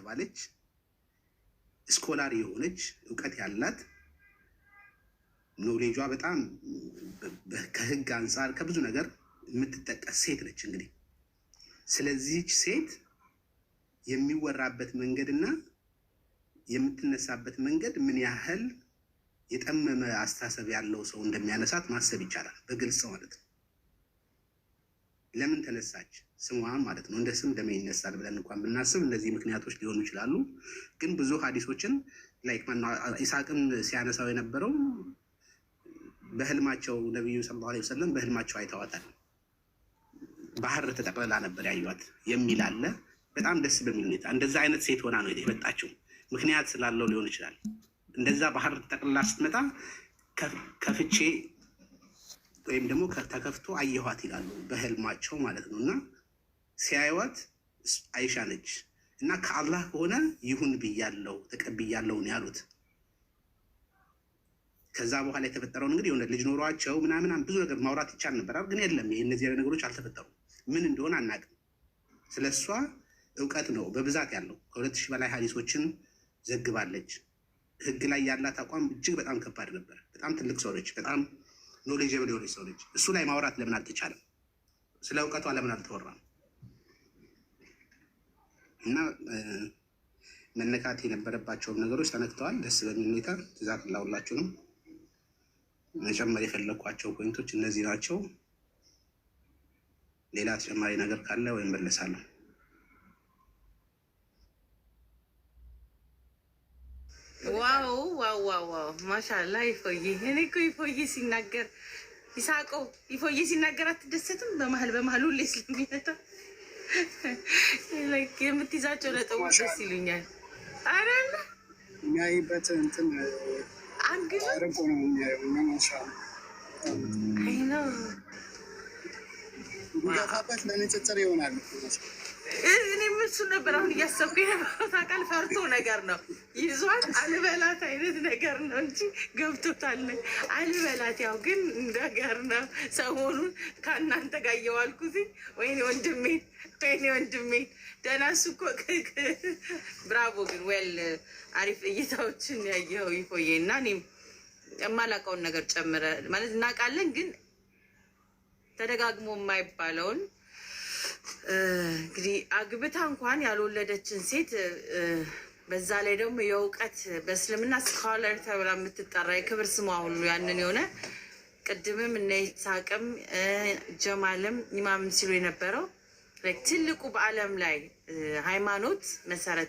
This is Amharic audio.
የተባለች ስኮላር የሆነች እውቀት ያላት ኖሌጇ በጣም ከህግ አንጻር ከብዙ ነገር የምትጠቀስ ሴት ነች። እንግዲህ ስለዚህች ሴት የሚወራበት መንገድና የምትነሳበት መንገድ ምን ያህል የጠመመ አስተሳሰብ ያለው ሰው እንደሚያነሳት ማሰብ ይቻላል። በግልጽ ማለት ነው። ለምን ተነሳች? ስሟ ማለት ነው። እንደ ስም ደሜ ይነሳል ብለን እንኳን ብናስብ እነዚህ ምክንያቶች ሊሆኑ ይችላሉ። ግን ብዙ ሀዲሶችን ላይክ ኢስሐቅን ሲያነሳው የነበረው በህልማቸው ነቢዩ ሰለላሁ ዓለይሂ ወሰለም በህልማቸው አይተዋታል። ባህር ተጠቅልላ ነበር ያዩዋት የሚል አለ። በጣም ደስ በሚል ሁኔታ እንደዛ አይነት ሴት ሆና ነው የመጣችው። ምክንያት ስላለው ሊሆን ይችላል። እንደዛ ባህር ተጠቅልላ ስትመጣ ከፍቼ ወይም ደግሞ ተከፍቶ አየኋት ይላሉ በህልማቸው ማለት ነው እና ሲያይዋት አይሻ ነች እና ከአላህ ከሆነ ይሁን ብያለው ተቀብያለው ነው ያሉት። ከዛ በኋላ የተፈጠረውን እንግዲህ የሆነ ልጅ ኖሯቸው ምናምን ብዙ ነገር ማውራት ይቻል ነበር፣ ግን የለም። እነዚህ ነገሮች አልተፈጠሩም። ምን እንደሆነ አናቅም። ስለ እሷ እውቀት ነው በብዛት ያለው። ከሁለት ሺህ በላይ ሀዲሶችን ዘግባለች። ህግ ላይ ያላት አቋም እጅግ በጣም ከባድ ነበር። በጣም ትልቅ ሰው ነች። በጣም ኖሌጀብል የሆነች ሰው ነች። እሱ ላይ ማውራት ለምን አልተቻለም? ስለ እውቀቷ ለምን አልተወራም? እና መነካት የነበረባቸውም ነገሮች ተነክተዋል። ደስ በሚል ሁኔታ ትዛት ላውላችሁ ነው። መጨመር የፈለግኳቸው ፖይንቶች እነዚህ ናቸው። ሌላ ተጨማሪ ነገር ካለ ወይም መለሳለሁ። ዋው ዋው ዋው ዋው! ማሻላ ይፎይ። እኔ እኮ ይፎይ ሲናገር ይሳቆ ይፎይ ሲናገር አትደሰትም? በመሀል በመሀል ሁሌ ስለሚመጣ የምትይዛቸው ነጥቦች ደስ ይሉኛል። አረና የሚያይበት እንትን ነው የሚያየው ነው ለንጽጽር ይሆናል። ነበር አሁን እያሰብኩ ታውቃለህ ፈርቶ ነገር ነው አልበላት አይነት ነገር ነው እንጂ ገብቶታል። አልበላት ያው ግን ነገር ነው። ሰሞኑን ከእናንተ ጋር ወይኔ ወንድሜ የኔ ወንድሜ ደህና። እሱ እኮ ብራቮ። ግን ዌል አሪፍ እይታዎችን ያየኸው ይቆየ እና እኔም የማላውቀውን ነገር ጨምረ ማለት እናውቃለን፣ ግን ተደጋግሞ የማይባለውን እንግዲህ አግብታ እንኳን ያልወለደችን ሴት በዛ ላይ ደግሞ የእውቀት በእስልምና ስኮለር ተብላ የምትጠራ የክብር ስሟ ሁሉ ያንን የሆነ ቅድምም እነ ይስሐቅም ጀማልም ኢማምም ሲሉ የነበረው ትልቁ በዓለም ላይ ሃይማኖት መሰረት